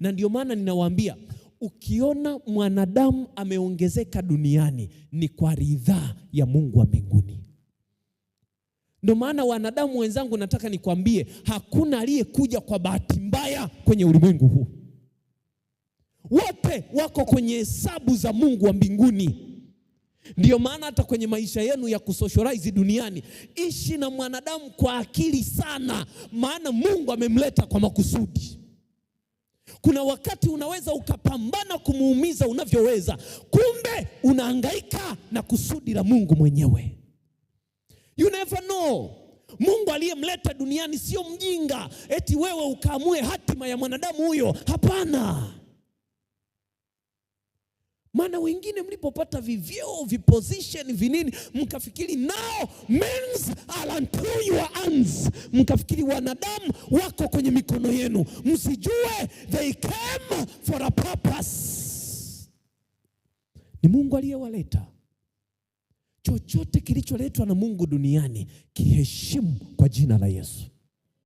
Na ndio maana ninawaambia ukiona mwanadamu ameongezeka duniani ni kwa ridhaa ya Mungu wa mbinguni. Ndio maana wanadamu wenzangu, nataka nikwambie, hakuna aliyekuja kwa bahati mbaya kwenye ulimwengu huu. Wote wako kwenye hesabu za Mungu wa mbinguni. Ndiyo maana hata kwenye maisha yenu ya kusocialize duniani, ishi na mwanadamu kwa akili sana, maana Mungu amemleta kwa makusudi. Kuna wakati unaweza ukapambana kumuumiza unavyoweza, kumbe unahangaika na kusudi la Mungu mwenyewe. You never know. Mungu aliyemleta duniani sio mjinga eti wewe ukaamue hatima ya mwanadamu huyo. Hapana. Maana wengine mlipopata vivyo viposition vinini, mkafikiri now men's are unto your hands, mkafikiri wanadamu wako kwenye mikono yenu. Msijue they came for a purpose. Ni Mungu aliyewaleta. Chochote kilicholetwa na Mungu duniani kiheshimu kwa jina la Yesu.